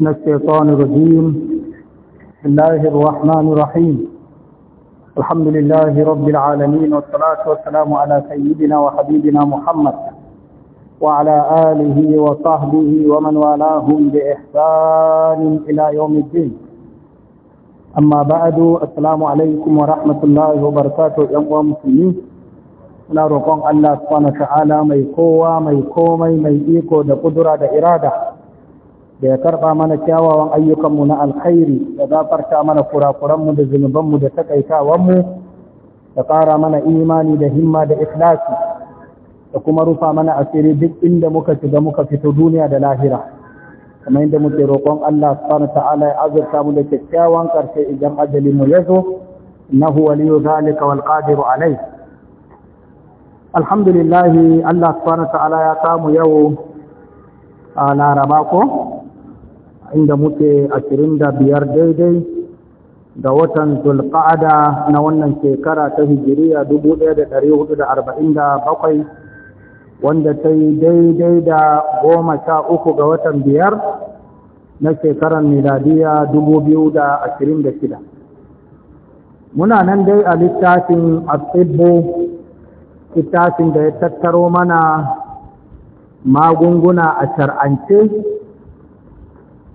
من الشيطان الرجيم بسم الله الرحمن الرحيم الحمد لله رب العالمين والصلاة والسلام على سيدنا وحبيبنا محمد وعلى آله وصحبه ومن والاهم بإحسان إلى يوم الدين أما بعد السلام عليكم ورحمة الله وبركاته يا مسلمين na roƙon Allah subhanahu wa ta'ala mai kowa mai komai mai iko da kudura da irada da ya karɓa mana kyawawan ayyukanmu na alkhairi da gafarta mana kurakuranmu da zunubanmu da takaitawanmu da ƙara mana imani da himma da ikhlasi da kuma rufa mana asiri duk inda muka shiga muka fito duniya da lahira kamar yadda muke roƙon Allah subhanahu ta'ala ya azurta mu da kyakkyawan ƙarshe idan ajali mu yazo innahu waliyu zalika wal qadiru alai alhamdulillah Allah subhanahu ta'ala ya samu yau a laraba ko inda muke ashirin da biyar daidai da watan zulqa'ada na wannan shekara ta hijiriya dubu wanda ta yi daidai da goma sha uku ga watan biyar na shekarar miladiya dubu muna nan dai a littafin asibbo littafin da ya tattaro mana magunguna a shar'ance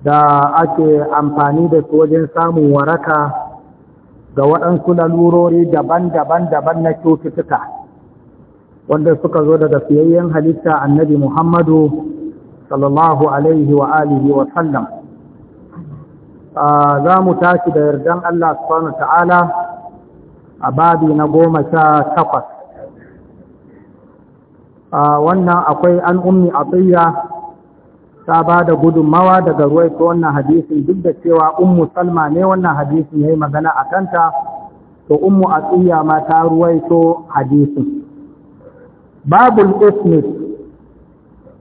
da ake amfani da su wajen samun waraka ga waɗansu lalurori daban-daban daban na cututtuka wanda suka zo daga fiyayyen halitta annabi Muhammadu sallallahu alaihi wa alihi wa sallam za mu tashi da yardan Allah subhanahu ta'ala a babi na goma sha takwas wannan akwai an ummi atiyya ta ba da gudunmawa daga ta wannan hadisin duk da cewa ummu salma ne wannan hadisin ya yi magana a kanta to ummu tsiya ma ta ruwai ko hadisin babul ismis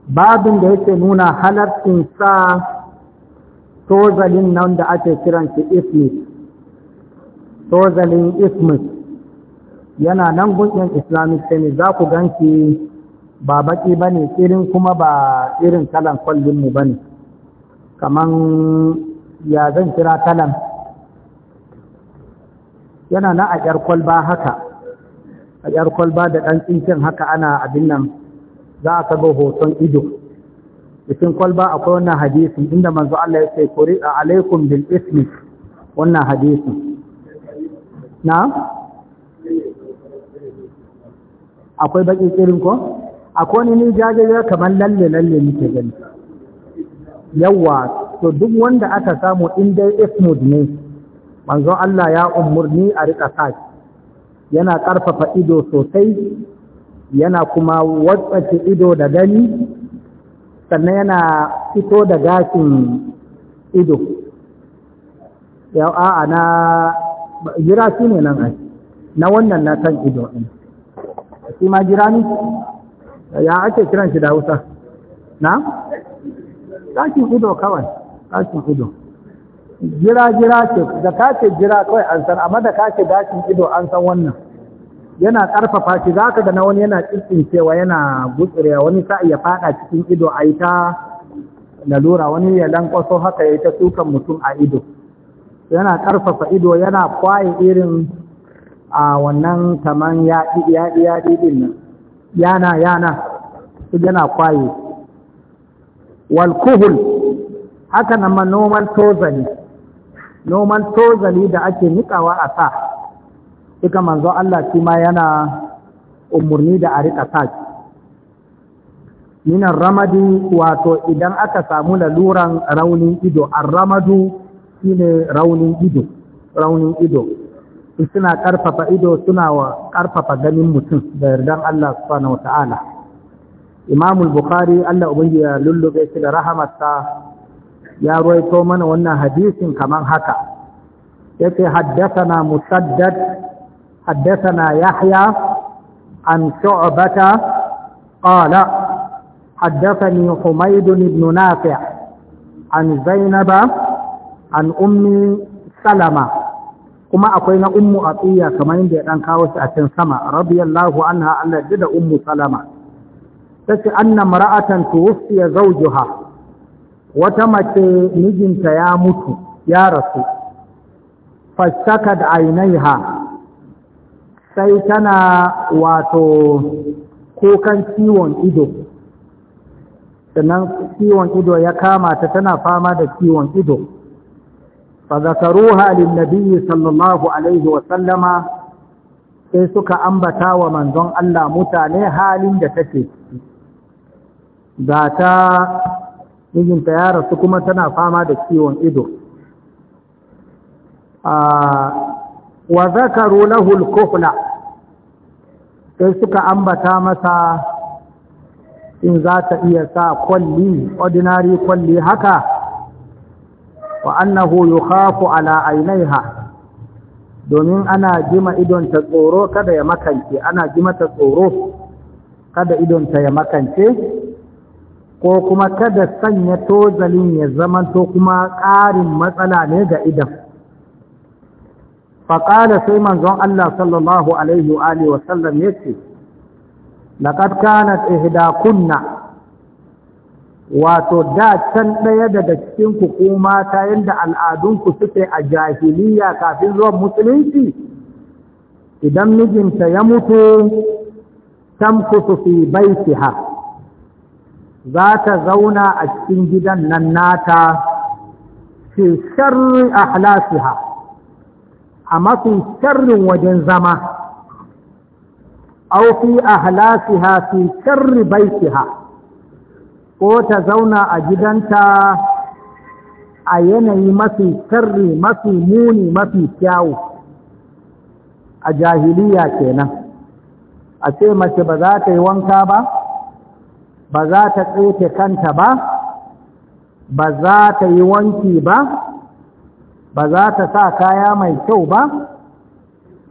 babin da yake nuna halarcin sa tozalin nan da ake kiran shi ismis tozalin ismis yana nan gudun islamic semi za ku ganki ba baki ba ne irin kuma ba irin kalan kwallinmu ba ne kaman ya zan kira kalan yana na a ƴar kwalba haka a ƴar kwalba da ɗan tsinkin haka ana abin nan za a saba hoton ido cikin kwalba akwai wannan hadisi inda manzo Allah ya ce kuri alaikum bil ismi wannan hadisi na akwai baki irin ko akwai ni jajajar kamar lalle lalle nike gani yawa to duk wanda aka samu in dai ismud ne manzon Allah ya umurni a rika sa yana karfafa ido sosai yana kuma watsace ido da gani sannan yana fito da gashin ido yau a'a na jira shi ne nan ai na wannan na kan ido ɗin shi ma jira ne ya ake kiran shi da hausa na? ɗakin ido kawai ɗakin ido jira-jira ce da ka ce jira kawai an san amma da ka ce ɗakin ido an san wannan yana ƙarfafa shi za ka ga na wani yana cewa yana gutsurewa wani sa ya faɗa cikin ido a ita ta lalura wani ya lankwaso haka ya yi ta tukan mutum a ido yana ƙarfafa ido yana kwaye irin a wannan kaman yaɗi-yaɗi din nan yana yana yana kwaye walkuhul haka na manoman tozali noman tozali da ake nikawa a sa duka manzo Allah shi ma yana umurni da a rika sa minan ramadi wato idan aka samu laluran raunin ido an ramadu shine raunin ido raunin ido suna ƙarfafa ido suna wa ƙarfafa ganin mutum da yardan Allah subhanahu imamul bukhari Allah ubangi ya lullube shi da rahamarsa ya to mana wannan hadisin kamar haka yace haddathana musaddad haddathana yahya an shu'bata qala haddathani ni ibn nafi' an zainaba an ummi salama kuma akwai na ummu atiya kamar yadda ya dan kawo shi a cikin sama radiyallahu anha Allah ya da ummu salama tace anna mar'atan tuwfiya zawjuha wata mace mijinta ya mutu ya rasu fashtaka da ainaiha sai tana wato kukan ciwon ido sannan ciwon ido ya kama ta tana fama da ciwon ido فذكروها للنبي صلى الله عليه وسلم sai suka ambata wa manzon Allah mutane halin da take ga ta mijinta ya rasu kuma tana fama da ciwon ido wa zakaru lahul kuhla sai suka ambata masa in za ta iya sa kwalli ordinary kwalli haka wa annahu yukhafu ala aynaiha domin ana jima idon ta tsoro kada ya makance ana jima ta tsoro kada idon ta ya makance ko kuma kada sanya tozalin ya zamanto kuma ƙarin matsala ne ga idan faƙada sai manzon Allah sallallahu alaihi wa alihi wasallam yace laqad kanat kunna wato da can ɗaya daga cikin ku ko mata yadda al'adunku suke a jahiliya kafin zuwan musulunci idan mijinta ya mutu tamkusu fi baitiha za ta zauna a cikin gidan nan nata fi sharri ahlasiha a mafi sharrin wajen zama au fi ahlasiha fi sharri baitiha ko ta zauna a gidanta a yanayi mafi sirri mafi muni mafi kyawu a jahiliya kenan a ce mace ba za ta yi wanka ba ba za ta tsefe kanta ba ba za ta yi wanki ba ba za ta sa kaya mai kyau ba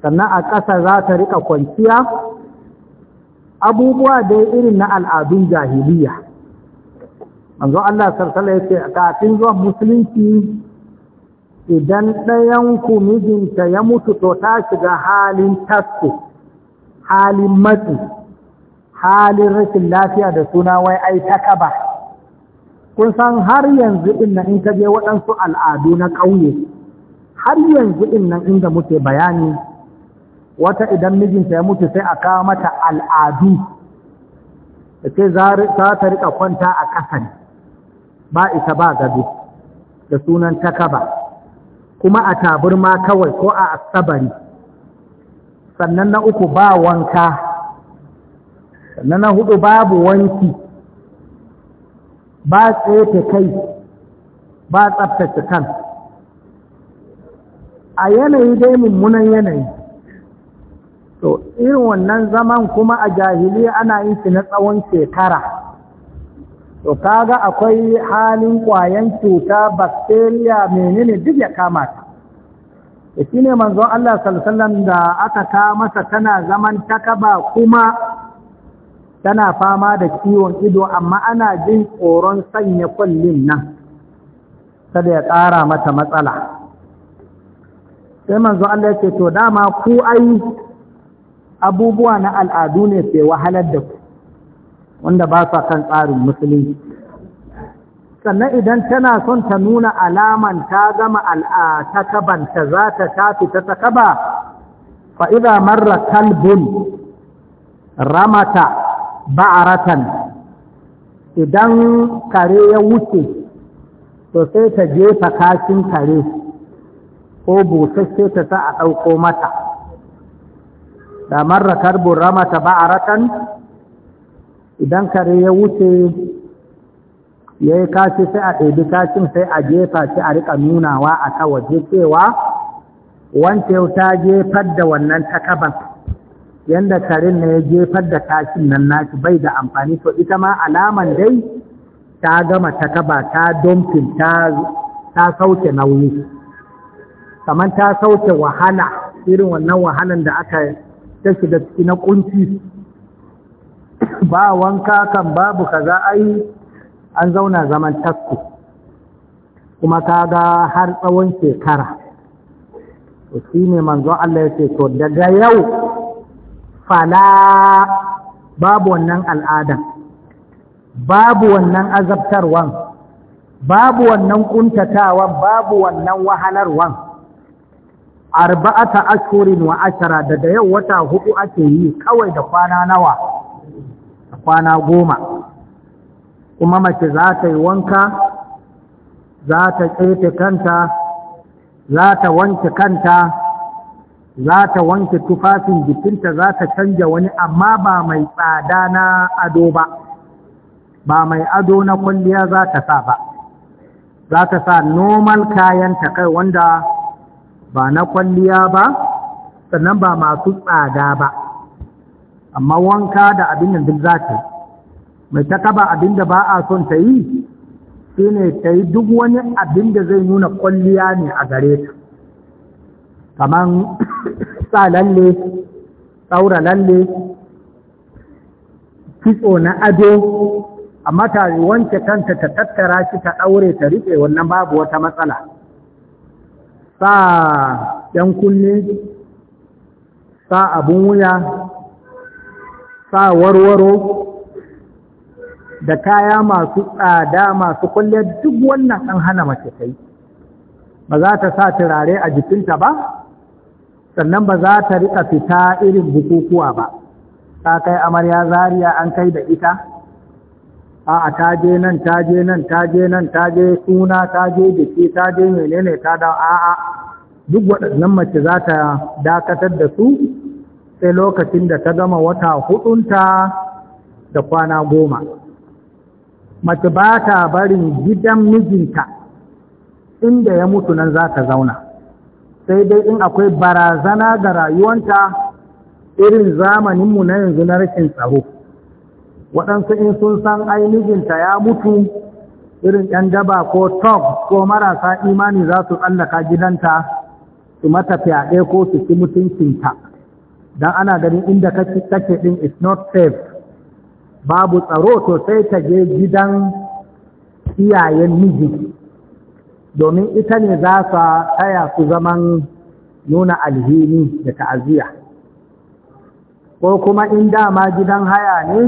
sannan a ƙasa za ta riƙa kwanciya abubuwa dai irin na al'adun jahiliya anzu Allah sarsala ya ce kafin zuwan musulunci idan ɗayan ku mijinta ya mutu to ta shiga halin tasko halin matsi halin rashin lafiya da suna wai ai ta kaba kun san har yanzu inna in ka je waɗansu al'adu na ƙauye har yanzu inna inda muke bayani wata idan mijinta ya mutu sai a kawo mata al'adu da ce za ta riƙa kwanta a ƙasa ba ita ba gado da sunan takaba kuma a taburma kawai ko a asabari sannan na uku ba wanka sannan na hudu babu wanki ba tsefe kai ba tsabtace kan a yanayi dai mummunan yanayi to irin wannan zaman kuma a jahiliya ana yin shi na tsawon shekara to kaga akwai halin kwayan cuta bacteria menene duk ya kama ta shi manzon Allah sallallahu da aka ka masa tana zaman takaba kuma tana fama da ciwon ido amma ana jin tsoron sanya kullin nan kada ya tsara mata matsala sai manzon Allah ya ce to dama ku ai abubuwa na al'adu ne sai wahalar da ku wanda ba sa kan tsarin musulunci sannan idan tana son ta nuna alaman ta gama al'ata al'atakabanta za ta tafi ta takaba fa'iza marra kalbun ramata ba'aratan idan kare ya wuce to sai ta jefa kashin kare ko busasshe ta sa a ɗauko mata da marra kalbun ramata ba'aratan idan kare ya wuce ya yi kashi sai a ɗaiɗi kashin sai a jefa shi a riƙa nunawa a ta waje cewa ya ta jefar da wannan takaban yadda karin na ya jefar da kashin nan nashi bai da amfani to ita ma alaman dai ta gama takaba ta domfin ta sauke nauyi kamar ta sauke wahala irin wannan wahalan da aka ta shiga ciki na kunci ba wanka kan babu kaza yi an zauna zaman tasku kuma ka ga har tsawon shekara shi ne manzon Allah ya ce to daga yau fala babu wannan al'adan babu wannan azabtarwan babu wannan kuntatawa babu wannan wahalarwan arba'ata ashhurin wa ashara daga yau wata hudu ake yi kawai da kwana nawa kwana goma kuma mace za ta yi wanka za ta ƙefe kanta za ta wanke kanta za ta wanke tufafin jikinta za ta canja wani amma ba mai tsada na ado ba ba mai ado na kwalliya za ta sa ba za ta sa normal kayan ta kai wanda ba na kwalliya ba sannan ba masu tsada ba amma wanka da abin da duk za ta mai ta kaba abin da ba a son ta yi shi ne ta yi duk wani abin da zai nuna kwalliya ne a gare ta kamar sa lalle tsaura lalle kitso na ado a ta wanke kanta ta tattara shi ta ɗaure ta riƙe wannan babu wata matsala sa ‘yan kunne sa abin wuya sa warwaro da kaya masu tsada masu kwalliya duk wannan an hana mace ta yi ba za ta sa turare a jikinta ba sannan ba za ta rika fita irin bukukuwa ba ta kai amarya zariya an kai da ita a ta je nan ta je nan ta je nan ta je suna ta je jiki ta je menene ta da a'a duk waɗannan mace za ta dakatar da su sai lokacin da ta gama wata hudunta da kwana goma mace ba ta barin gidan mijinta inda ya mutu nan za ta zauna sai dai in akwai barazana ga rayuwanta irin zamaninmu na yanzu na rashin tsaro waɗansu in sun san ainihinta ya mutu irin ‘yan daba ko top ko marasa imani za su tsallaka gidanta su mata fyaɗe ko su ci mutuncinta dan ana ganin inda kake din is not safe babu tsaro to sai ta je gidan iyayen miji domin ita ne za su taya su zaman nuna alhini da ta'aziyya ko kuma in dama gidan haya ne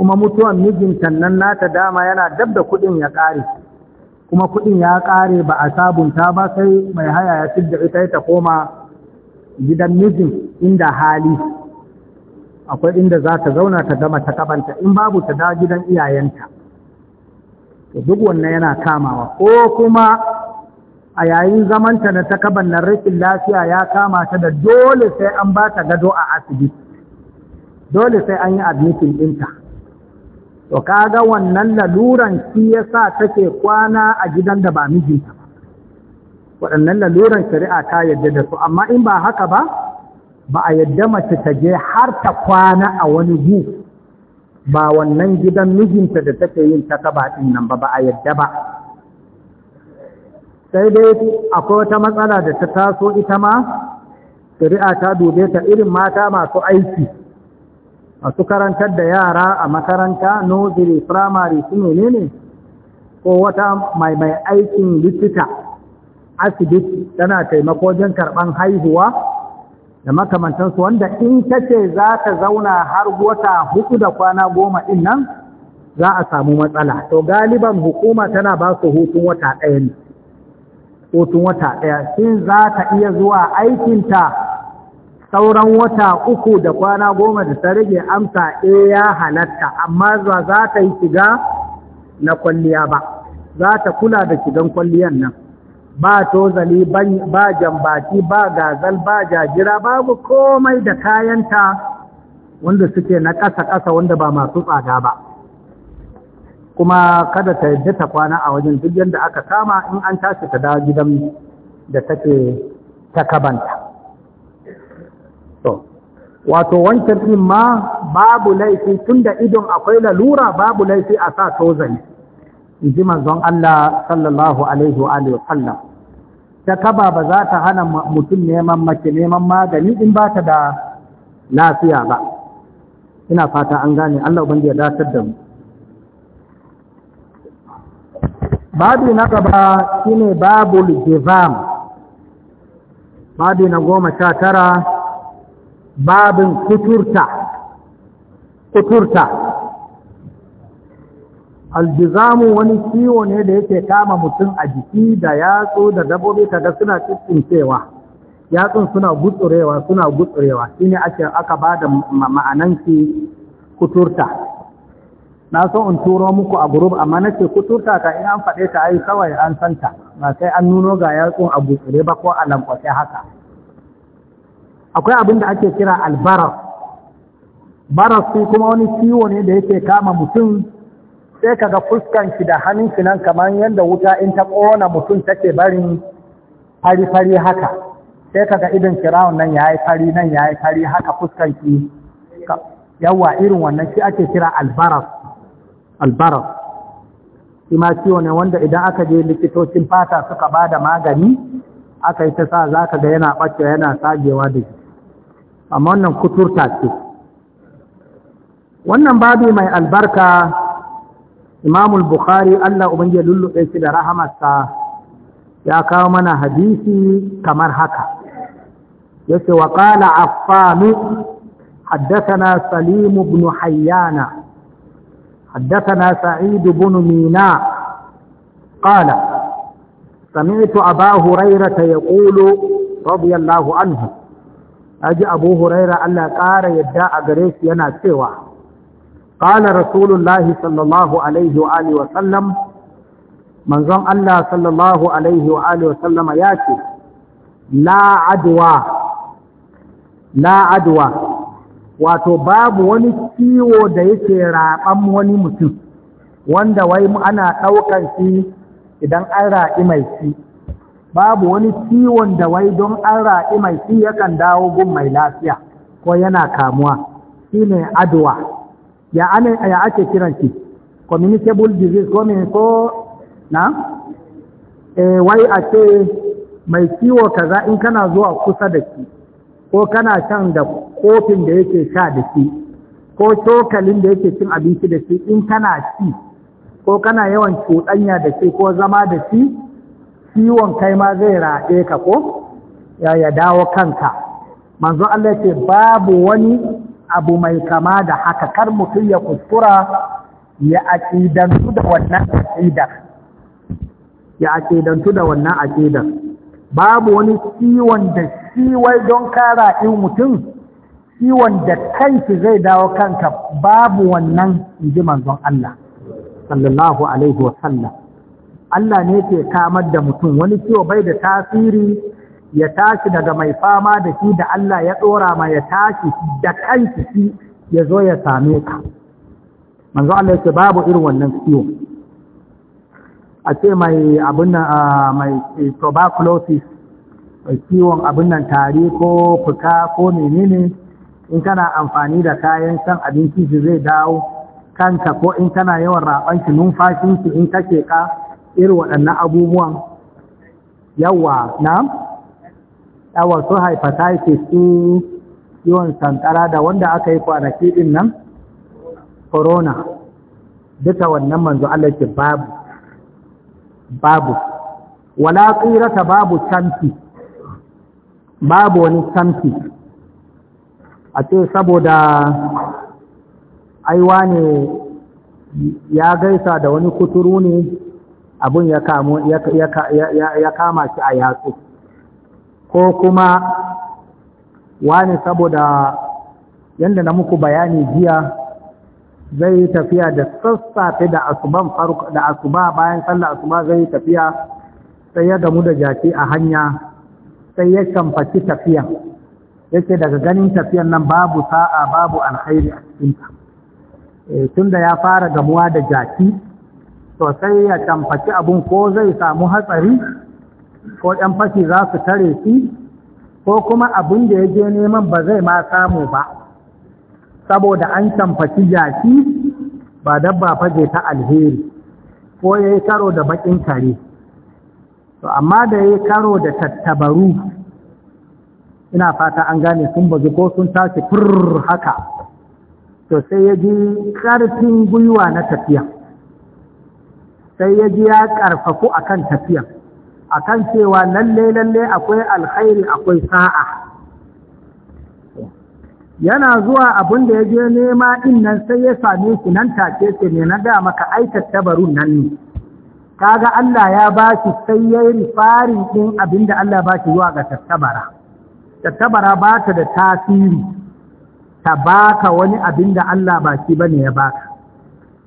kuma mutuwan mijinta nan nata dama yana dab da kuɗin ya ƙare kuma kuɗin ya ƙare ba a sabunta ba sai mai haya ya fidda ita ta koma gidan mijin inda hali akwai inda za ta zauna ta gama ta kabanta in babu ta da gidan iyayenta duk wannan yana kamawa ko kuma a yayin zamanta na ta na rikin lafiya ya kama ta da dole sai an ba ta gado a asibiti dole sai an yi admitin ɗinta to kaga wannan laluran shi yasa take kwana a gidan da ba mijinta ba waɗannan laluran shari'a ta yadda da su amma in ba haka ba ba a yadda mace ta je har ta kwana a wani gu ba wannan gidan mijinta da take yin ta ka baɗin nan ba ba a yadda ba sai dai akwai wata matsala da ta taso ita ma shari'a ta dube ta irin mata masu aiki masu karantar da yara a makaranta nursery primary su ne-ne? ko wata mai mai aikin likita asibiti tana taimako wajen karɓan haihuwa da makamantansu wanda in ta ce za ta zauna har wata hudu da kwana goma ɗin nan za a samu matsala to galiban hukuma tana ba su hutun wata ɗaya ne hutun wata ɗaya shin za ta iya zuwa aikinta sauran wata uku da kwana goma da ta rage amsa e ya halatta amma za ta yi shiga na kwalliya ba za ta kula da shigan kwalliyan nan ba tozali ba jambaki ba gazal ba jajira babu komai da kayanta wanda suke na ƙasa-ƙasa wanda ba masu tsada ba kuma kada ta yadda ta kwana a wajen duk yadda aka kama in an tashi ta dawo gidan da take takabanta to wato wancan ɗin ma babu laifi tunda idon akwai lalura babu laifi a sa tozali inji manzon Allah sallallahu alaihi wa alihi sallam ta kaba ba za ta hana mutum neman mace neman magani in ba ta da lafiya ba ina fata an gane Allah ubangi ya datar da mu babu na gaba shine babul jizam babu na goma sha tara babin kuturta kuturta aljizamu wani ciwo ne da yake kama mutum a jiki da yatsu da dabobi kaga suna cewa yatsun suna gutsurewa suna gutsurewa shine ake aka da ma'anan ki kuturta na so in turo muku a gurub amma na ce kuturta ka in an faɗe ta ayi kawai an santa ba sai an nuno ga yatsun a gutsure ba ko a lankwace haka akwai abin da ake kira albaras baras kuma wani ciwo ne da yake kama mutum sai ga fuskanki da hannunki nan kamar yadda wuta in ta ƙona mutum take barin fari-fari haka sai ga idan kirawun nan ya yi fari nan ya yi fari haka fuskanki yawa irin wannan shi ake kira albaras albaras shi ma ciwo ne wanda idan aka je likitocin fata suka ba da magani aka yi ta sa za ka ga yana ɓacewa yana sagewa da shi amma wannan kuturta ce wannan babu mai albarka إمام البخاري الله أبنجي للو إسل رحمة يا كامنا حديثي كمر حكا يسي وقال عفان حدثنا سليم بن حيان حدثنا سعيد بن ميناء قال سمعت أبا هريرة يقول رضي الله عنه أجي أبو هريرة ألا قار يدعى قريش ينا سواه قال رسول الله صلى الله عليه وآله وسلم من ظن الله صلى الله عليه وآله وسلم ياتي لا عدوى لا عدوى wato babu wani ciwo da yake raɓan wani mutum wanda wai ana ɗaukar shi idan an raɗi mai shi babu wani ciwon da wai don an raɗi mai shi yakan dawo gun mai lafiya ko yana kamuwa shine adwa ya ya ake kiran shi communicable disease ko ne ko na eh, wai a ce mai ciwo kaza in kana zuwa kusa da shi ko kana shan da kofin da yake sha da shi ko cokalin da yake cin abinci da shi in kana ci ko kana yawan cuɗanya da shi ko zama da shi ciwon kai ma zai raɗe ka ko ya dawo kanka manzo Allah ce babu wani abu mai kama da haka kar mutum ya kuskura ya aƙidantu da wannan aƙidar ya aƙidantu da wannan aƙidar babu wani ciwon da ciwai don kara in mutum ciwon da kanki zai dawo kanka babu wannan inji manzon Allah sallallahu alaihi wasallam Allah ne ke kamar da mutum wani ciwo bai da tasiri ya tashi daga mai fama da shi da Allah ya ɗora ma ya tashi da kanki shi ya zo ya same ka manzo Allah ce babu irin wannan ciwo a ce mai abinnan mai tuberculosis ciwon abin nan tari ko fuka ko menene in kana amfani da kayan san abinci shi zai dawo kanka ko in kana yawan raɓan shi numfashinsu in kake ka irin waɗannan abubuwan yawa na ɗawar su hepatitis su yawan sankara da wanda aka yi kwanaki din nan corona duka wannan manzo Allah ke babu babu wala tsirata babu canfi babu wani canfi a ce saboda aiwa ne ya gaisa da wani kuturu ne abin ya kama shi a yatsu ko kuma wani saboda yadda na muku bayani jiya zai tafiya da sassafe da asuban farko da asuba bayan sallar asuba zai tafiya sai ya gamu da jaki a hanya sai ya shamfaci tafiya yake daga ganin tafiyan nan babu sa'a babu alkhairi a cikinta eh, tun da ya fara gamuwa da jaki to sai ya shamfaci abun ko zai samu hatsari ko ɗan fashi za su tare shi ko kuma abin da ya je neman ba zai ma samu ba saboda an camfaci jaki ba dabba faje ta alheri ko ya yi karo da baƙin kare to amma da ya yi karo da tattabaru ina fata an gane sun bazu ko sun tashi furr haka to sai ya ji ƙarfin gwiwa na tafiya sai ya ji ya ƙarfafu a kan tafiya a kan cewa lalle lalle akwai alkhairi akwai sa'a yana zuwa abin da ya je nema innan nan sai ya same shi nan take ce ne na ga maka aikata tabarun nan ne ga Allah ya ba shi sai ya yi farin abin da Allah ba shi zuwa ga tattabara tattabara ba ta da tasiri ta baka wani abin da Allah ba shi bane ya baka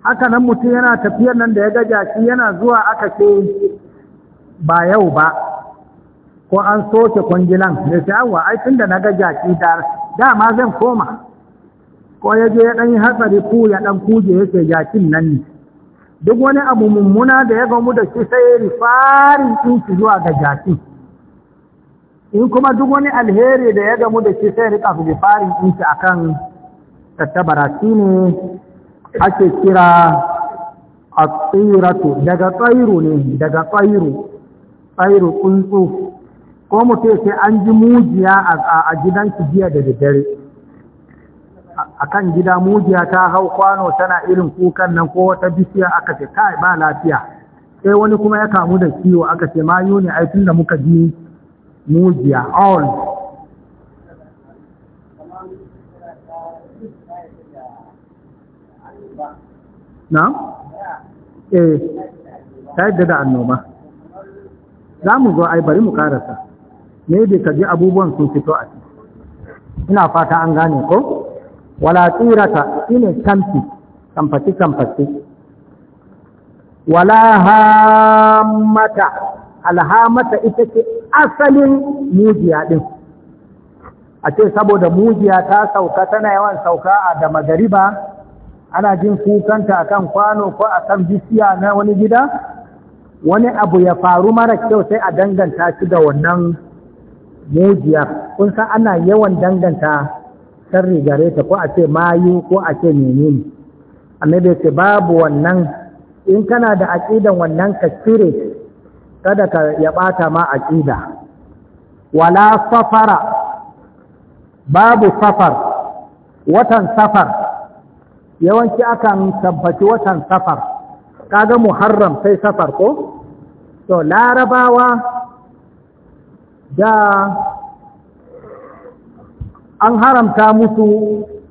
haka nan mutum yana tafiyar nan da ya gaja shi yana zuwa aka ce ba yau ba ko an soke kwangilan mai sha'awa aikin aikin da na ga jaki da dama zan koma ko ya je ya ɗan hatsari ku ya ɗan kuje yake jakin nan ne duk wani abu mummuna da ya gamu da shi sai ya in ɗinki zuwa ga jakin in kuma duk wani alheri da ya gamu da shi sai rika farin inci akan tattabara shi ne ake kira a daga tsairu ne daga tsairu tsairu tsuntsu ko ce sai an ji mujiya a gidan jiya da daddare a kan gida mujiya ta hau kwano tana irin kukan nan ko wata bishiya aka ce kai ba lafiya sai wani kuma ya kamu da ciwo aka ce ma yuni ai tun da muka ji mujiya all na? eh ta yadda da annoba za mu zo ai bari mu karasa ne bai kaji abubuwan sun fito a ciki ina fata an gane ko wala tsirata ina kamfi kamfaci kamfaci wala hamata alhamata ita ce asalin mujiya din a ce saboda mujiya ta sauka tana yawan sauka a da magariba ana jin kukanta akan kwano ko akan bishiya na wani gida wani abu ya faru mara kyau sai a danganta shi da wannan mujiyar, kun san ana yawan danganta san rigare ta ko a ce mayu ko a ce menene bai ce babu wannan in kana da aƙidan wannan ka cire kada ka ya bata ma aqida wala safara babu safar watan safar yawanci akan tabbaci watan safar kaga muharram sai safar ko to larabawa da an haramta musu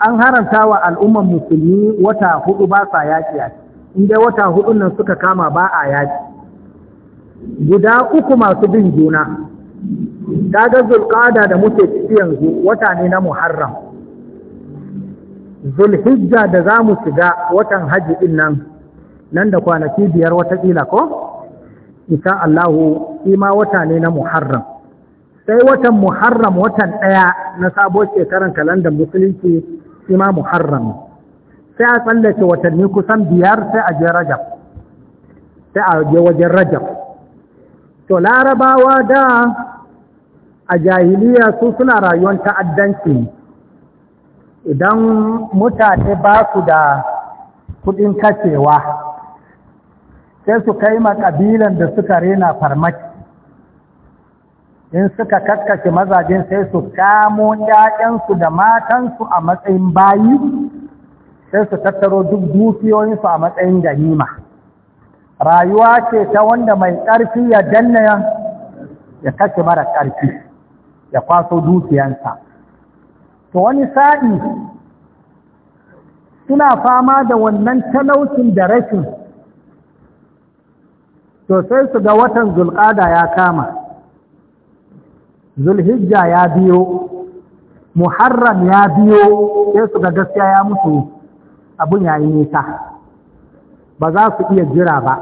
an haramta wa al'umman musulmi wata hudu ba sa yaki yaki inda wata hudun nan suka kama ba a yaki guda uku masu bin juna kaga zulqada da muke ciki yanzu wata ne na muharram zulhijja da za mu shiga watan hajji din nan nan da kwanaki biyar watakila ko insha Allahu ima wata ne na Muharram sai watan Muharram watan ɗaya na sabo shekaran kalandar musulunci ima Muharram sai a tsallake watanni kusan biyar sai a je Rajab sai a je wajen Rajab to larabawa da a jahiliya su suna rayuwar ta'addanci idan mutane ba su da kudin kacewa sai su kai ma ƙabilan da suka rena farmaki in suka kakkashe mazajen sai su kamo ƴaƴansu da matansu a matsayin bayi sai su tattaro duk dukiyoyinsu a matsayin ganima rayuwa ce ta wanda mai ƙarfi ya danna ya kashe mara ƙarfi ya kwaso dukiyansa to wani sa'i suna fama da wannan talaucin da rashin to sai su ga watan zulƙada ya kama zulhijja ya biyo muharram ya biyo sai su ga gaskiya ya mutu abun yi nisa ba za su iya jira ba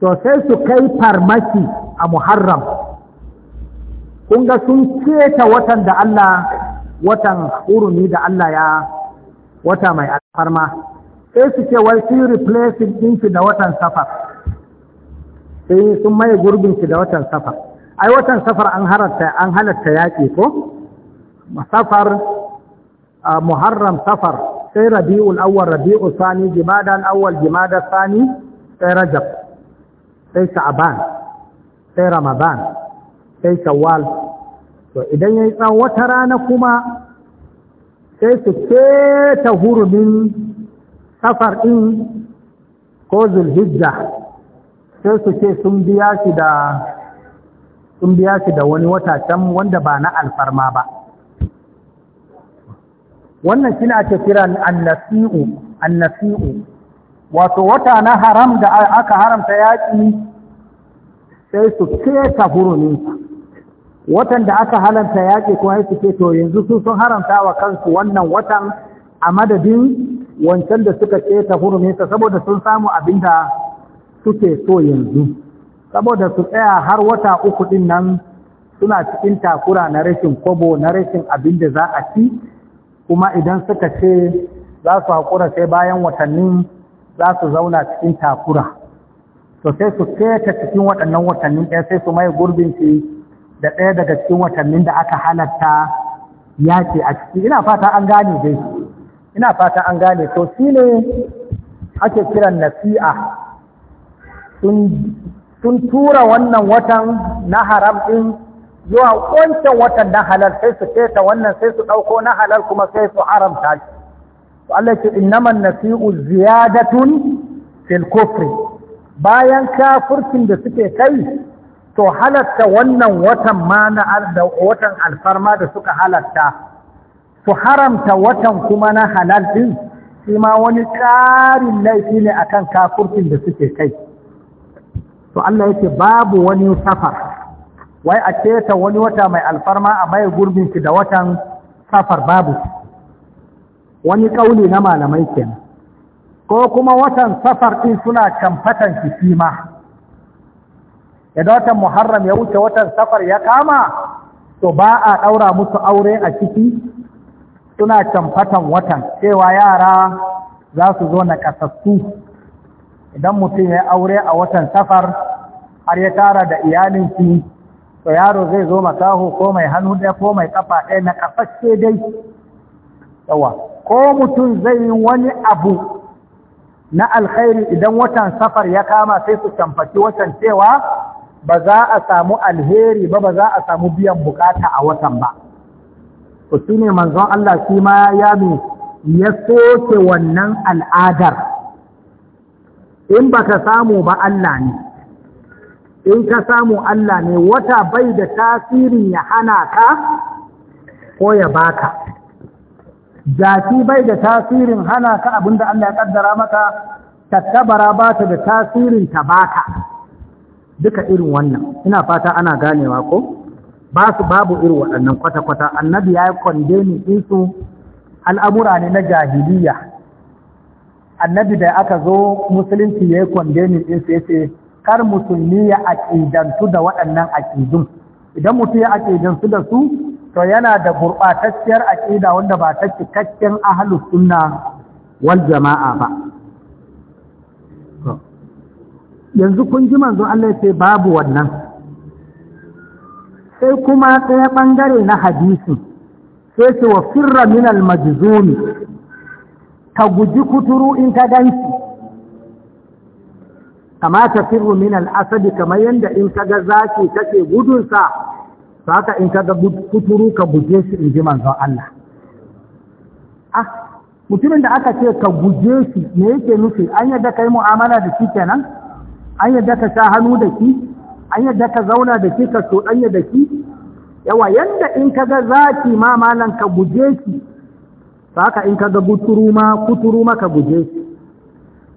to sai su kai farmaki a muharram kun ga sun keta watan da Allah watan hurumi da Allah ya wata mai alfarma sai su ce wai su replacing ɗinki da watan safar sai sun maye gurbin shi da watan safar ai watan safar an halatta an halatta yaƙi ko safar muharram safar sai rabi'ul awwal rabi'ul thani jimada al-awwal jimada thani sai rajab sai sha'ban sai ramadan sai shawwal to idan yayi tsawon wata rana kuma sai su keta hurumin safar din ko zulhijja sai su ce sun biya shi da wani wata can wanda ba na alfarma ba wannan shi ake kira annasi'u annasi'u wato wata na haram da aka haramta yaƙi sai su keta huruminsa watan da aka haramta yaƙi kuma su to yanzu su sun haramta wa kansu wannan watan a madadin wancan da suka keta huruminsa saboda sun samu abin abinda suke so yanzu saboda su tsaya har wata uku din nan suna cikin takura na rashin kwabo na rashin abin da za a ci kuma idan suka ce za su haƙura sai bayan watannin za su zauna cikin takura to sai su keta cikin waɗannan watannin ɗaya sai su mai gurbin shi da ɗaya daga cikin watannin da aka halatta ce a ciki ina fata an gane dai ina fata an gane to shi ne ake kiran nasi'a sun tura wannan watan na haram ɗin zuwa wancan watan na halal sai su keta wannan sai su ɗauko na halal kuma sai su haramta shi Allah ce innaman nasi'u ziyadatun fil kufri bayan kafircin da suke kai to halatta wannan watan ma na watan alfarma da suka halatta su haramta watan kuma na halal ɗin shi ma wani ƙarin laifi ne akan kafircin da suke kai to Allah yake babu wani safar wai a keta wani wata mai alfarma a bai gurbin ki da watan safar babu wani kauli na malamai kenan ko kuma watan safar din suna kamfatan ki shi ma idan watan muharram ya wuce watan safar ya kama to ba a ɗaura musu aure a ciki suna kamfatan watan cewa yara za su zo na kasassu idan mutum ya aure a watan safar har ya tara da iyalinsu, to yaro zai zo makaho ko mai hannu ɗaya ko mai kafa ɗaya na kafashe dai yawa ko mutum zai yi wani abu na alkhairi idan watan safar ya kama sai su camfaci watan cewa ba za a samu alheri ba ba za a samu biyan bukata a watan ba to shine manzon Allah shi ma ya mi ya soke wannan al'adar in ba ka samu ba Allah ne in ka samu Allah ne wata bai da tasirin ya hana ka ko ya baka jaki bai da tasirin hana ka abinda Allah ya kaddara maka tattabara ba ta da tasirin ta baka duka irin wannan ina fata ana ganewa ko ba su babu irin waɗannan kwata-kwata annabi ya yi kwandemin isu al'amura ne na jahiliya annabi da aka zo musulunci ya yi kwandemin ɗinsu sai ce kar musulmi ya aƙidantu da waɗannan aƙidun idan mutum ya aƙidantu da su to yana da gurɓatacciyar aƙida wanda ba ta cikakken ahalus sunna wal jama'a ba yanzu kun ji manzo Allah ce babu wannan sai kuma ɗaya ɓangare na hadisi sai ce wa firra min al ka guji kuturu in ka ganci kama ta min al'asadi kamar yadda in ka ga zaki take gudunsa ka in ka ga kuturu ka guje shi in ji manzon Allah ah, mutumin da aka ce ka guje shi me yake nufi an yadda ka yi mu'amala da shi kenan an yadda ka sha hannu da shi an yadda ka zauna da shi ka soɗanya da shi yawa yadda in ka ga zaki ma malan ka guje shi haka in ka ga guturu ma kuturu maka guje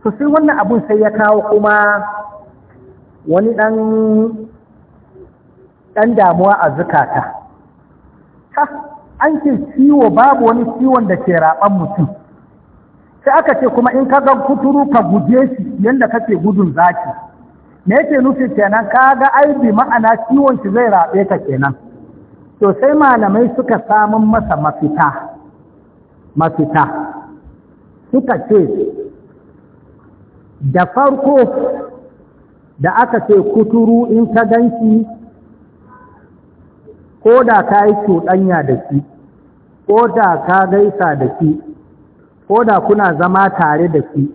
to sai wannan abun sai ya kawo kuma wani ɗan dan damuwa a zukata ha an ce ciwo babu wani ciwon da ke raban mutum sai aka ce kuma in ka ga kuturu ka guje shi yanda kake gudun zaki me yake nufi kenan ka ga aibi ma'ana ciwon shi zai raɓe ka kenan to sai malamai suka samun masa mafita mafita suka ce da farko da aka ce kuturu in ta ganki ko da ka yi cuɗanya da shi ko da ka gaisa da shi ko da kuna zama tare da shi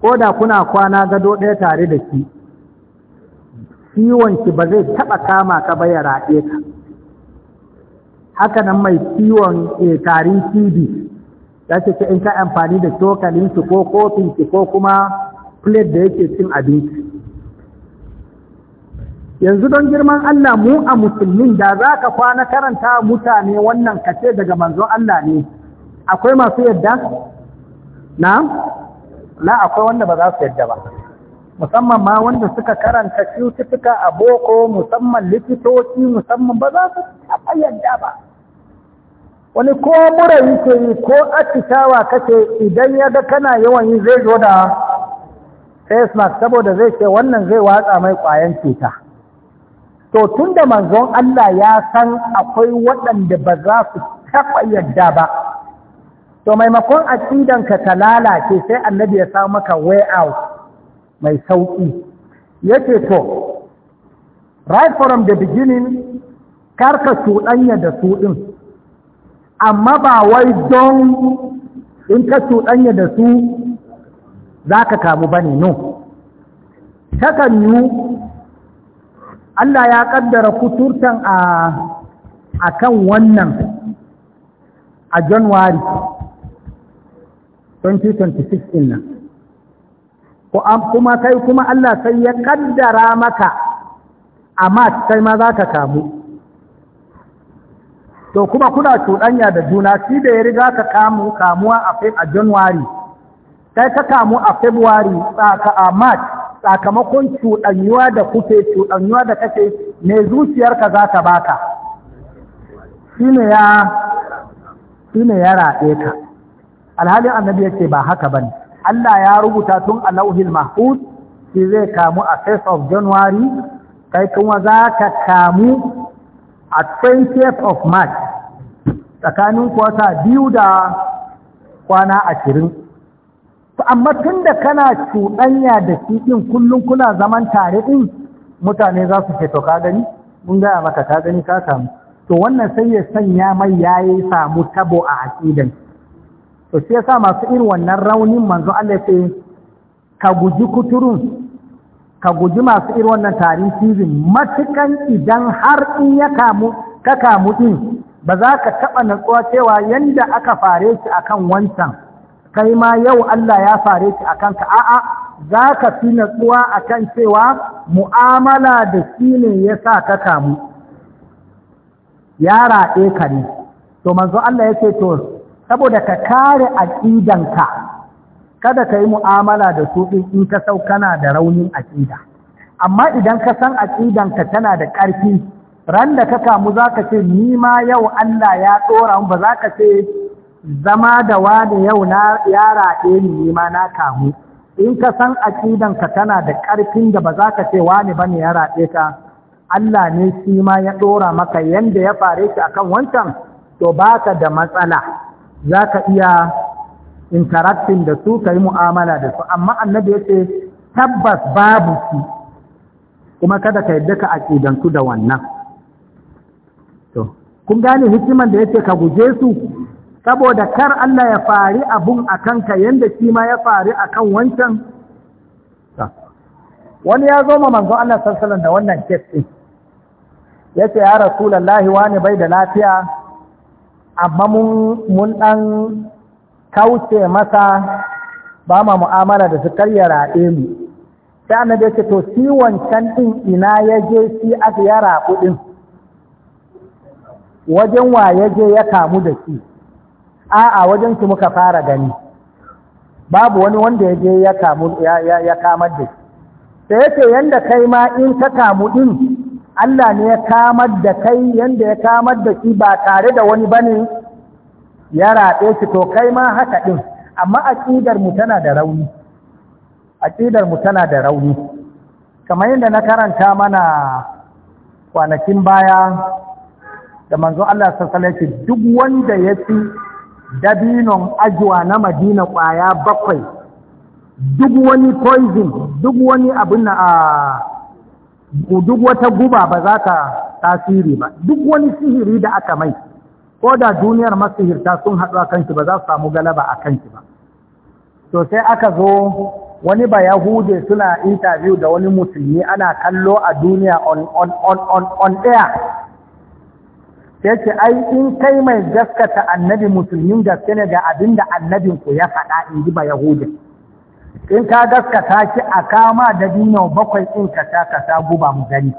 ko da kuna kwana gado ɗaya tare da shi ki ba zai taɓa kama ka ba ya ka haka nan mai ciwon eh, tarin tb ya ce in ka amfani da cokalinki ko su ko kuma plate da yake cin abinci yanzu don girman Allah mu a musulmin da za ka kwana karanta mutane wannan kace daga manzon Allah ne akwai masu yadda? na? na akwai wanda ba za su yadda ba musamman ma wanda suka karanta cututtuka a boko musamman likitoci musamman ba za su yadda ba wani ko mura yake yi ko atisawa kake idan ya ga kana yawan yi zai zo da face mask saboda zai ce wannan zai watsa mai kwayan cuta to tun da manzon Allah ya san akwai waɗanda ba za su taɓa yadda ba to maimakon ka ta lalace sai annabi ya samu maka way out mai sauƙi yace to right from the beginning karka cuɗanya da su ɗin amma ba wai don in ka cuɗanya da su za ka kamu ba ne no takan yi Allah ya ƙaddara kuturtan a kan wannan a Januwari 2026 ɗin nan kuma kai kuma Allah sai ya ƙaddara maka a mat kai ma za ka kamu to kuma kuna cuɗanya da juna shi da ya riga ka kamu kamuwa a Januwari, kai ka kamu a February tsaka a March sakamakon cuɗanyuwa da kuke cuɗanyuwa da kake ne zuciyarka za ta baka shine ya shine ya raɗe ka alhalin annabi yake ba haka ba ne. Allah ya rubuta tun a lauhin mahud shi zai kamu a 1st of January kai kuma za ka kamu a 20th of march tsakanin kwata biyu da kwana ashirin amma tun da kana cuɗanya da cikin kullum kuna zaman tare ɗin mutane za su to ka gani mun gaya maka ka gani ka samu to wannan sai ya sanya mai ya yi samu tabo a aqidan to sai sa masu irin wannan raunin manzo Allah ya ce ka guji kuturun ka guji masu irin wannan tarin cizin matukan idan har in ya kamu ka kamu din ba za ka taɓa natsuwa cewa yanda aka fare shi akan wancan kai ma yau Allah ya fare shi akan ka a'a za ka fi natsuwa akan cewa mu'amala da shi ne ya sa ka kamu ya raɗe ka ne to manzo Allah ya ce to saboda ka kare aƙidanka kada ka yi mu'amala da su ɗin in ka sau kana da raunin aƙida amma idan ka san aƙidanka tana da ƙarfi ran da ka kamu za ka ce ni ma yau Allah ya ɗora ba za ka ce zama da wani yau na ya raɗe ni ne ma na kamu in ka san aƙidanka tana da ƙarfin da ba za ka ce wani ba ne ya raɗe ka Allah ne shi ma ya ɗora maka yanda ya fare shi a kan wancan to ba ka da matsala za ka iya interacting da su ka mu'amala da su amma annabi yace tabbas babu su kuma kada ka yadda ka aqidantu da wannan to kun gane hikiman da yace ka guje su saboda kar Allah ya fari abun akan ka yanda shi ma ya fari akan wancan wani ya zo ma manzo Allah sallallahu da wannan case yace ya rasulullahi wani bai da lafiya amma mun mun dan kauce masa ba ma mu'amala da su karya raɗe mu sai annabi ya ce to shi wancan ɗin ina ya je shi aka ya raɓu ɗin wajen wa ya je ya kamu da shi a'a wajen ki muka fara gani babu wani wanda ya je ya kamu ya kamar da shi sai yace yanda kai ma in ka kamu ɗin Allah ne ya kamar da kai yanda ya kamar da shi ba tare da wani bane ya raɗe shi to kai ma haka ɗin amma aƙidar mu tana da rauni aƙidar mu tana da rauni kamar yadda na karanta mana kwanakin baya da manzo Allah sassalaki duk wanda ya fi dabinon ajiwa na madina ƙwaya bakwai duk wani poison duk wani abin a duk wata guba ba za ta tasiri ba duk wani sihiri da aka mai ko da duniyar masihirta sun haɗu a kanki ba za su samu galaba a kanki ba to sai aka zo wani ba yahude suna interview da wani musulmi ana kallo a duniya on on on on sai ce ai in kai mai gaskata annabi musulmin gaske ne ga abin da annabin ku ya faɗa in ji ba yahude in ka gaskata ki a kama da duniya bakwai in ka kasa ka guba mu gani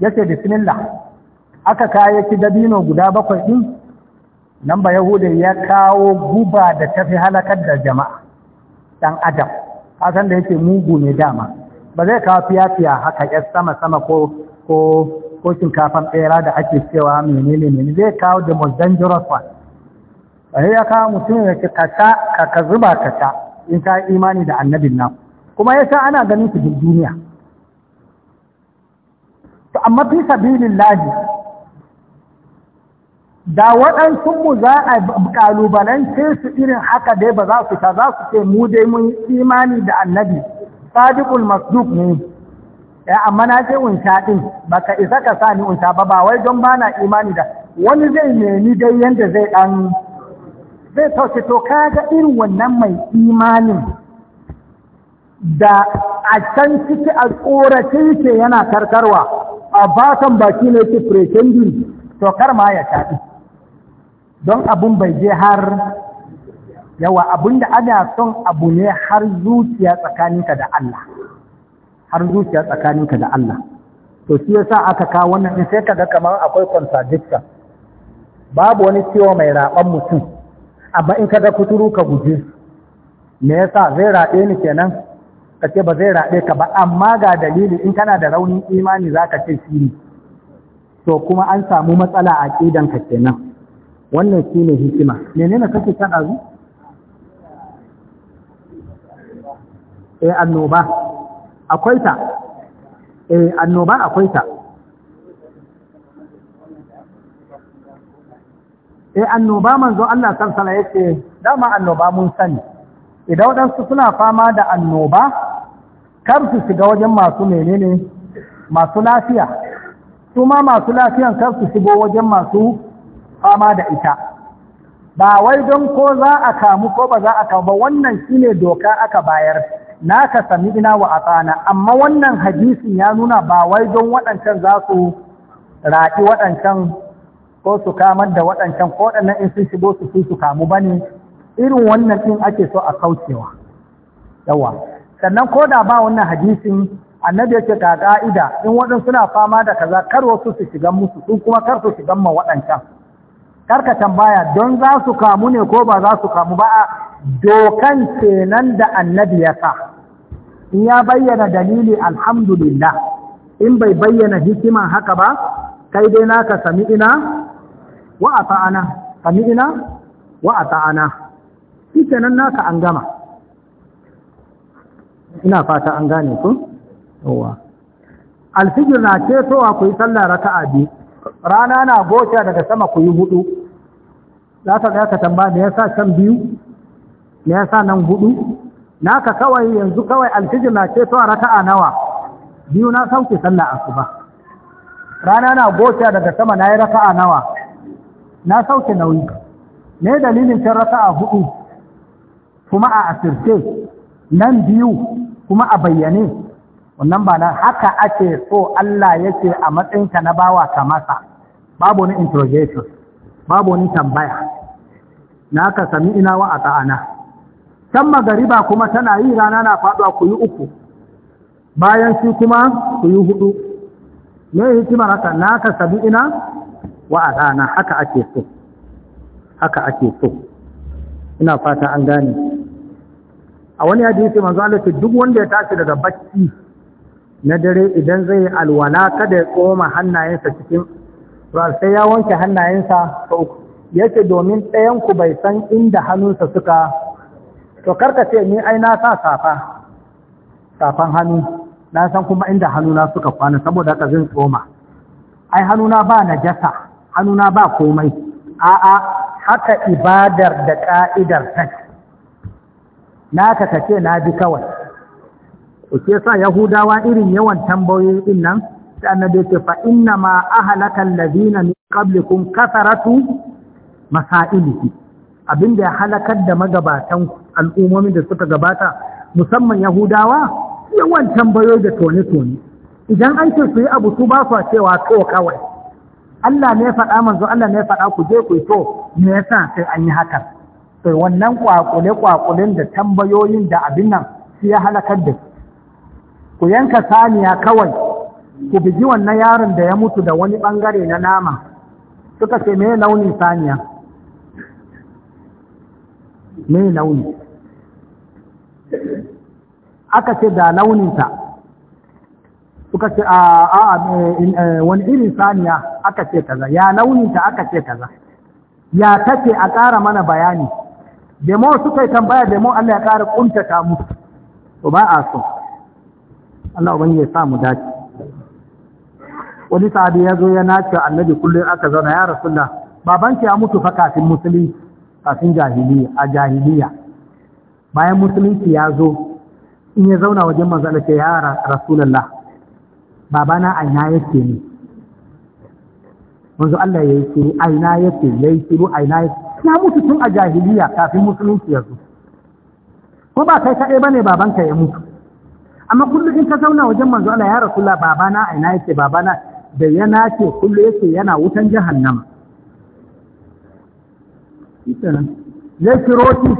yace bismillah aka ki dabino guda bakwai ɗin nan ba yahuda ya kawo guba da tafi halakar da jama'a ɗan adam kasan da yake mugu ne dama ba zai kawo fiya-fiya haka ya sama-sama ko ko ko shinkafan ɓera da ake cewa menene ne zai kawo the most dangerous one sai ya kawo mutum ya ce ka ka ka zuba ka ta in ka imani da annabin nan kuma ya sa ana ganin su duk duniya to amma fi sabilillahi da waɗansu mu za a ƙalubalance su irin haka dai ba za su ta za su ce mu dai mun imani da annabi sadiqul masduq ne ya eh, amma na ce unta din baka isa ka sa ni unta ba ba wai don bana imani da wani zai nemi dai yanda zai ɗan zai tauce to kaga irin wannan mai imanin da a can ciki a tsorace yake yana karkarwa a basan baki ne ke pretending to kar ma ya shaɗi don abun bai je har yawa da ana son abu ne har zuciya tsakaninka da Allah har zuciya tsakaninka da Allah to shi yasa aka kawo wannan in sai kaga kamar akwai contradiction babu wani ciwo mai raban mutum amma in kaga kuturu ka guje me yasa zai rade ni kenan kace ba zai rade ka ba amma ga dalili in kana da raunin imani zaka ce shi ne to kuma an samu matsala a kidan ka kenan wannan shi ne hikima Menene ne kake kan abu eh annoba akwai ta eh annoba akwai ta eh annoba manzo Allah sallallahu alaihi wasallam yace dama annoba mun sani idan wadansu suna fama da annoba kar su shiga wajen masu menene masu lafiya kuma masu lafiyan kar su shigo wajen masu fama da ita ba wai don ko za a kamu ko ba za a kamu ba wannan shine doka aka bayar na naka sami ina wa tsana amma wannan hadisin ya nuna ba wai don waɗancan za su raƙi waɗancan ko su kamar da waɗancan ko waɗannan in sun shigo su su kamu ba ne irin wannan ɗin ake so a kaucewa yawa sannan ko da ba wannan hadisin annabi yake ga ka'ida in waɗansu suna fama da kaza kar wasu su shigan musu sun kuma kar su shigan ma waɗancan karka tambaya don za su kamu ne ko ba za su kamu ba dokan kenan da annabi ya sa in ya bayyana dalili alhamdulillah in bai bayyana hikima haka ba kai dai naka sami ina wa ata'ana sami ina wa ata'ana kenan naka an gama ina fata an gane ku yawa alfijir na ce towa ku yi sallah raka'a biyu rana na gocewa daga sama ku yi hudu za ka ga ka tambaya me yasa can biyu me yasa nan hudu naka kawai yanzu kawai alfijir na ce to raka'a nawa biyu na ku sallah asuba rana na gocewa daga sama na yi raka'a nawa na sauke nauyi ne dalilin can raka'a hudu kuma a asirce nan biyu kuma a bayyane wannan ba nan haka ake so Allah yake a matsayinka na bawa ka masa babu wani interrogation babu wani tambaya na ka sami ina wa a ta'ana can magariba kuma tana yi rana na faɗuwa ku yi uku bayan shi kuma ku yi hudu me hikimar haka na ka sami ina wa a ta'ana haka ake so haka ake so ina fata an gane a wani hadisi manzo Allah duk wanda ya tashi daga bacci na dare idan zai yi alwala kada ya tsoma hannayensa cikin sai ya wanke hannayensa ta uku yake domin ɗayanku bai san inda hannunsa suka to karka ce ni ai na sa safa safan hannu na san kuma inda hannuna suka kwana saboda haka zan tsoma ai hannuna ba najasa hannuna ba komai a'a haka ibadar da ka'idar ta naka kace na bi kawai ke sa yahudawa irin yawan tambayoyi din nan sai annabi ce fa inna ma ahlaka alladhina min qablikum kasaratu Abin da ya halakar da magabatan al'ummomin da suka gabata musamman yahudawa yawan tambayoyi da tone-tone idan an ce su yi abu su ba su cewa to kawai Allah ne faɗa manzo Allah ne faɗa ku je ku to me yasa sai an yi haka to wannan kwakule kwakulen da tambayoyin da abin nan shi ya halakar da su ku yanka saniya kawai ku bigi wannan yaron da ya mutu da wani ɓangare na nama suka ce me launin saniya me launi aka ce da launinta suka ce a a eh, wani irin saniya aka ce kaza ya launinta aka ce kaza ya take a ƙara mana bayani demo suka yi tambaya demo Allah ya ƙara ƙuntata mutu, to ba a so Allah ubangi ya sa mu dace wani sahabi ya zo ya nace annabi kullum aka zauna ya rasulullah babanki ya mutu fa kafin musulunci kafin jahiliya a jahiliya bayan musulunci ya zo in ya zauna wajen manzala ce ya rasulullah babana aina yake ne manzo Allah ya yi shiru aina yake ya yi shiru aina yake ya mutu tun a jahiliya kafin musulunci ya zo ko ba kai kaɗai ba ne babanka ya mutu amma kullum in ka zauna wajen manzo Allah ya rasulullah babana a ina yake babana da yana ce kullum yake yana wutan jahannama kenan ya kiro ne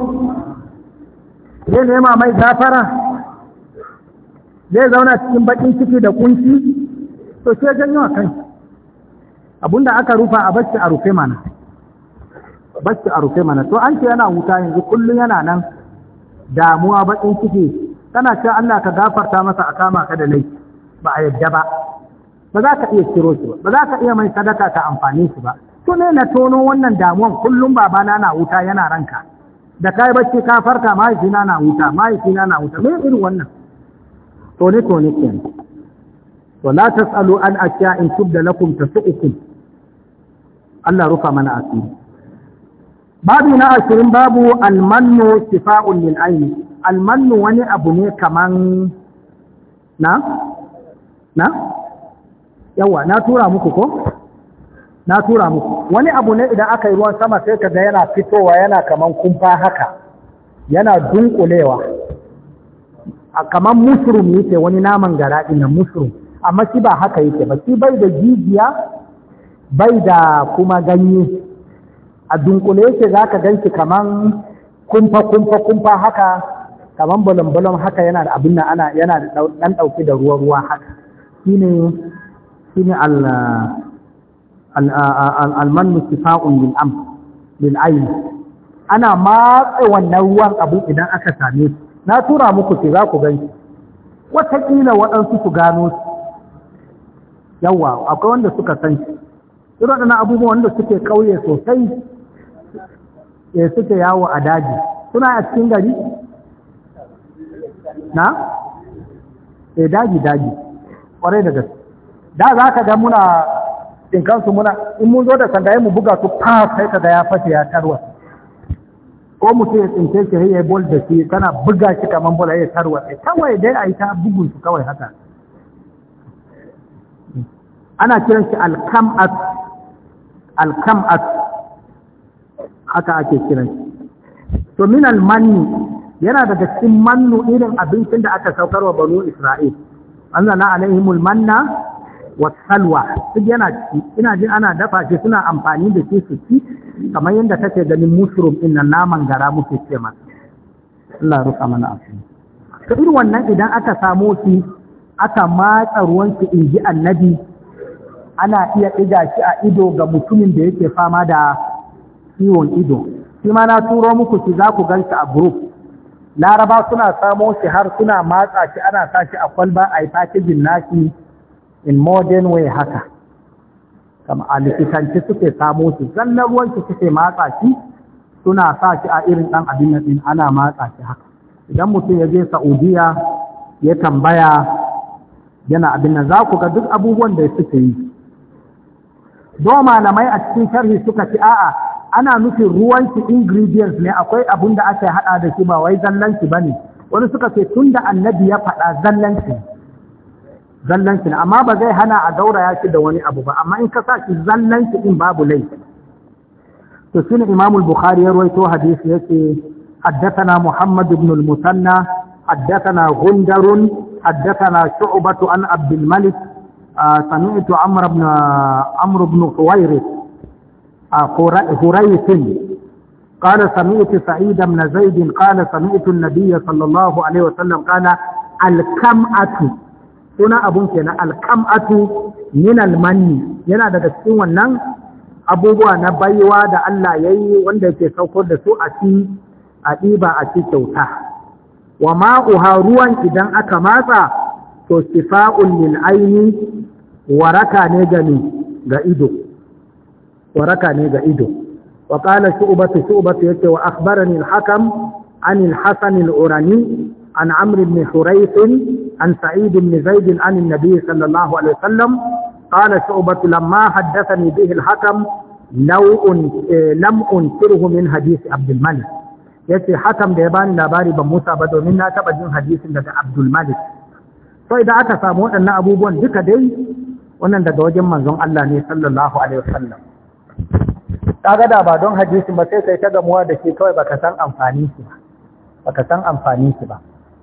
zai nema mai gafara zai zauna cikin bakin ciki da kunci to sai janyo a kai. Abunda aka rufa a bacci a rufe mana bacci a rufe mana to an ce yana wuta yanzu kullum yana nan damuwa bakin ciki kana ce Allah ka gafarta masa a kama ka da laifi ba a yadda ba ba za ka iya ciro shi ba ba za ka iya mai sadaka ka amfani shi ba to ne na tono wannan damuwan kullum babana na wuta yana ranka da kai bacci ka farka mahaifina na wuta mahaifina na wuta me irin wannan to ne to ne kenan to la tasalu an asya in tubda lakum tasu'ukum Allah rufa mana asiri babu na ashirin babu almannu shifa'un lil ayni almannu wani abu ne kaman na? na? yawa na tura muku ko? na tura muku wani abu ne idan aka yi ruwan sama sai ka ga yana fitowa yana kaman kumfa haka yana dunkulewa a kaman mushroom yake wani naman gara ina mushroom amma shi ba haka yake ba shi bai da jijiya bai da kuma ganye a dunkule yake za ka gan kaman kumfa kumfa kumfa haka kamar bolon-bolon haka yana da abin nan ana yana da ɗan ɗauke da ruwa-ruwa haka shine shine al man mustafa'un lil am lil ayn ana matsa wannan ruwan abu idan aka same shi na tura muku sai za ku gani wataƙila waɗansu su gano shi yawa akwai wanda suka san shi irin waɗannan abubuwan wanda suke ƙauye sosai ya eh, suke yawo a daji suna a cikin gari na? eh daji daji kwarai da gaske da za ka ga muna tsinkansu muna in mun zo da sandaye mu buga su fas sai ka ga ya fashe ya tarwa ko mutum ya tsinke shi ya bol da shi kana buga shi kamar bola ya tarwa Eh kawai dai a yi ta bugun su kawai haka ana kiran shi alkam'at alkam'at haka ake kiran shi to min al-manni. yana daga cikin mannu irin abincin da aka saukarwa banu Isra'il anzalna alaihimul manna salwa, duk yana ci ina jin ana dafa shi suna amfani da shi su ci kamar yadda kake ganin mushroom din nan naman gara muke ce ma. Allah ruka mana asiri to irin wannan idan aka samo shi aka matsa ruwan shi in ji annabi ana iya ɗiga shi a ido ga mutumin da yake fama da ciwon ido shi ma na turo muku shi za ku gan a group laraba suna samo shi har suna matsa shi ana sa shi a kwalba a yi fakijin nashi in modern way haka kama a likitanci suke samo shi zallar ruwanki suke matsa shi suna sa shi a irin ɗan abin na ɗin ana matsa shi haka idan mutum ya je saudiya ya tambaya yana abin nan za ku ga duk abubuwan da suke yi do malamai a cikin sharhi suka ci a'a ana nufin ruwanki ingredients ne akwai abun da aka haɗa da shi ba wai zallanci ba ne wani suka ce tun da annabi ya faɗa zallanci zallanci ne amma ba zai hana a gauraya shi da wani abu ba amma in ka sa shi zallanci in babu laifi to shi imamul bukhari ya rawaito hadisi yake haddathana muhammad ibn al-musanna haddathana gundarun haddathana shu'batu an abdul malik sami'tu amr ibn هريث قال سمعت سعيد بن زيد قال سمعت النبي صلى الله عليه وسلم قال الكمأة هنا أبون كنا الكمأة من المني هنا daga cikin wannan abubuwa na baiwa da Allah yayi wanda yake saukar da su a ci a ɗiba a ci kyauta wa ma'uha ruwan idan aka matsa to sifa'un lil aini waraka ne gani ga ido waraka ne ga ido wa qala shu'batu shu'batu yake wa akhbarani al-hakam an al-hasan al-urani an amr ibn hurayth an sa'id ibn zaid an an-nabi sallallahu alaihi wasallam qala shu'batu lamma haddathani bihi al-hakam lam unkirhu min hadisi Abdulmalik. malik yace hakan da ya bani labari ban musa ba domin na taba jin hadisin daga abdul malik sai da aka samu waɗannan abubuwan duka dai wannan daga wajen manzon Allah ne sallallahu alaihi wasallam kaga da ba don hadisi ba sai kai ta gamuwa da ke kawai baka san amfani shi ba baka san amfani su ba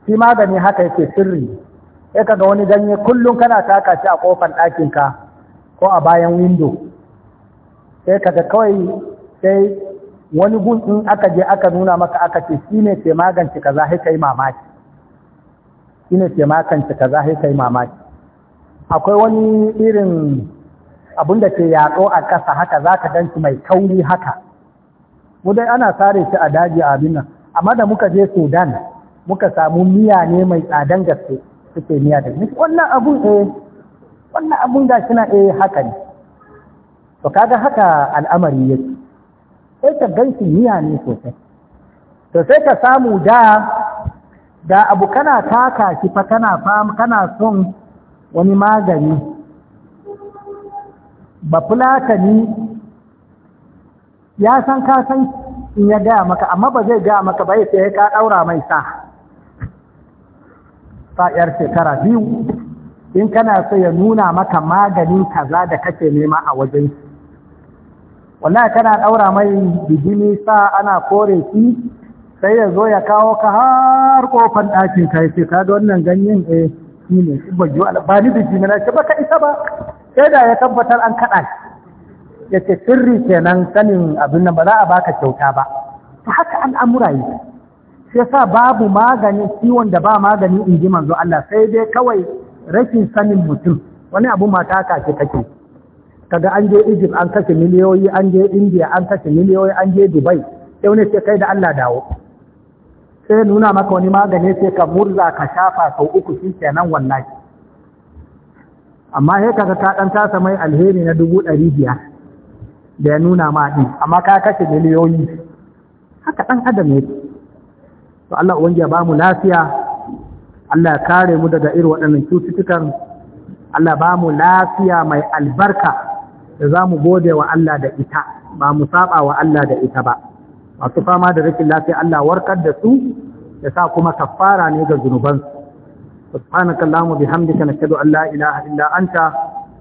shi magani haka yake sirri sai kaga wani ganye kullum kana taka shi a kofar ɗakin ka ko a bayan windo. sai kaga kawai sai wani gun in aka je aka nuna maka aka ce ne ke magance ka za kai mamaki ke magance kai mamaki akwai wani irin abinda ke yaƙo a ƙasa haka za ka ganci mai kauri haka mu dai ana sare shi a daji a abin nan amma da muka je sudan muka samu miya ne mai tsadan gaske suke miya da ni wannan abun eh wannan abun da shi na eh haka ne to kaga haka al'amari yake sai ka ganci miya ne sosai to sai ka samu da da abu kana taka shi fa kana kana son wani magani ba ni, ya san ka in ya gaya maka amma ba zai gaya maka ba ya sai ka daura mai sa sa'yar shekara biyu in kana so ya nuna maka maganin kaza da kake nema a wajen wallahi kana daura mai bijimi sa ana kore shi sai ya zo ya kawo ka har kofan ɗakin ka ce, ka ga wannan ganyen eh shi ne ba ni bijimi na shi ba ka isa ba sai da ya tabbatar an kaɗa ya ce sirri kenan sanin abin nan ba za a baka kyauta ba ta haka al'amura yi shi sa babu magani ciwon da ba magani in ji manzo Allah sai dai kawai rashin sanin mutum wani abu mata kake kake kaga an je Egypt an kashe miliyoyi an je India an kashe miliyoyi an je Dubai sai ne sai kai da Allah dawo sai nuna maka wani magani sai ka murza ka shafa sau uku shi kenan wallahi amma he kaga ka dan tasa mai alheri na dubu ɗari biyar da ya nuna ma ɗin amma ka kashe miliyoyi haka ɗan adam ne to Allah uwan ya bamu lafiya Allah ya kare mu daga irin waɗannan cututtukan Allah ba mu lafiya mai albarka da za mu gode wa Allah da ita ba mu saba wa Allah da ita ba masu fama da rikin lafiya Allah warkar da su da sa kuma kafara ne ga zunubansu سبحانك اللهم وبحمدك نشهد ان لا اله الا anta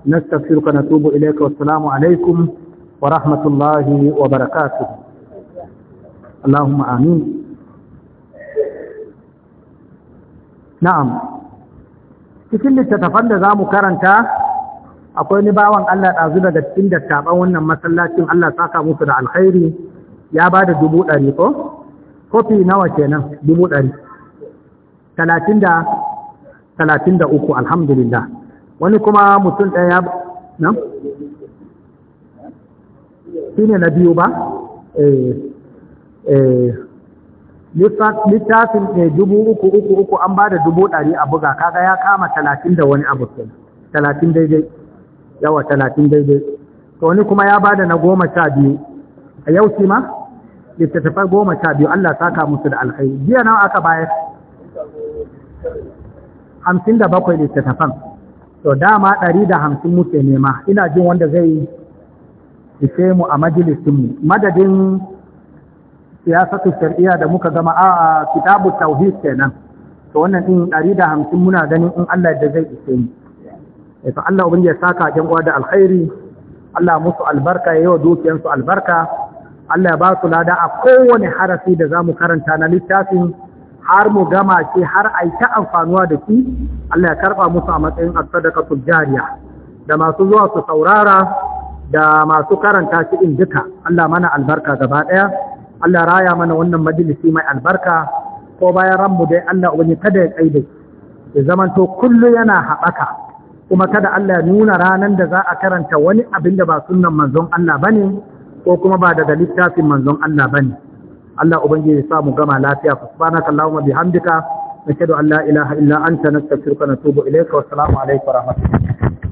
نستغفرك ونتوب اليك والسلام عليكم alaikum wa rahmatullahi wa امين نعم amin na'am cikin littattafan da za mu karanta akwai ni bawan Allah ɗazu daga cikin dattaɓan wannan masallacin Allah saka musu da alkhairi ya ba da dubu ɗari ko? Kofi nawa kenan dubu ɗari. Talatin da talatin da uku alhamdulillah wani kuma mutum ɗaya ya na? shi ne na biyu ba? Eh, eh, littafin ne eh, dubu uku uku uku an ba da dubu ɗari a buga kaga ya kama talatin da wani abu talatin daidai yawa talatin daidai to wani kuma ya ba da na goma sha biyu a yau shi ma littattafai goma sha biyu Allah saka musu da alkhairi biya nawa aka bayar hamsin da bakwai littattafan to dama ɗari da hamsin muke nema ina jin wanda zai ishe mu a majalisinmu madadin siyasatu shari'a da muka gama a kitabu tauhid kenan to wannan ɗin ɗari da hamsin muna ganin in Allah da zai ishe mu eh, to Allah ubin ya saka jan uwa da alkhairi Allah musu albarka ya yi wa dukiyansu albarka Allah ya ba su lada a kowane harafi da za mu karanta na littafin har mu gama ce har a ta amfanuwa da shi Allah ya karba musu a matsayin as-sadaqatul jariya da masu zuwa su saurara da masu karanta shi in duka Allah mana albarka gaba ɗaya, Allah raya mana wannan majalisi mai albarka ko bayan ranmu dai Allah wani kada ya kaide ya zamanto kullu yana haɓaka kuma kada Allah ya nuna ranar da za a karanta wani abin da ba sunan manzon Allah bane ko kuma ba daga littafin manzon Allah bane Allah ubangiji ya sa mu gama lafiya subhanakallahumma bihamdika nashhadu an la ilaha illa anta nastaghfiruka wa natubu ilayka wa assalamu alaykum wa rahmatullahi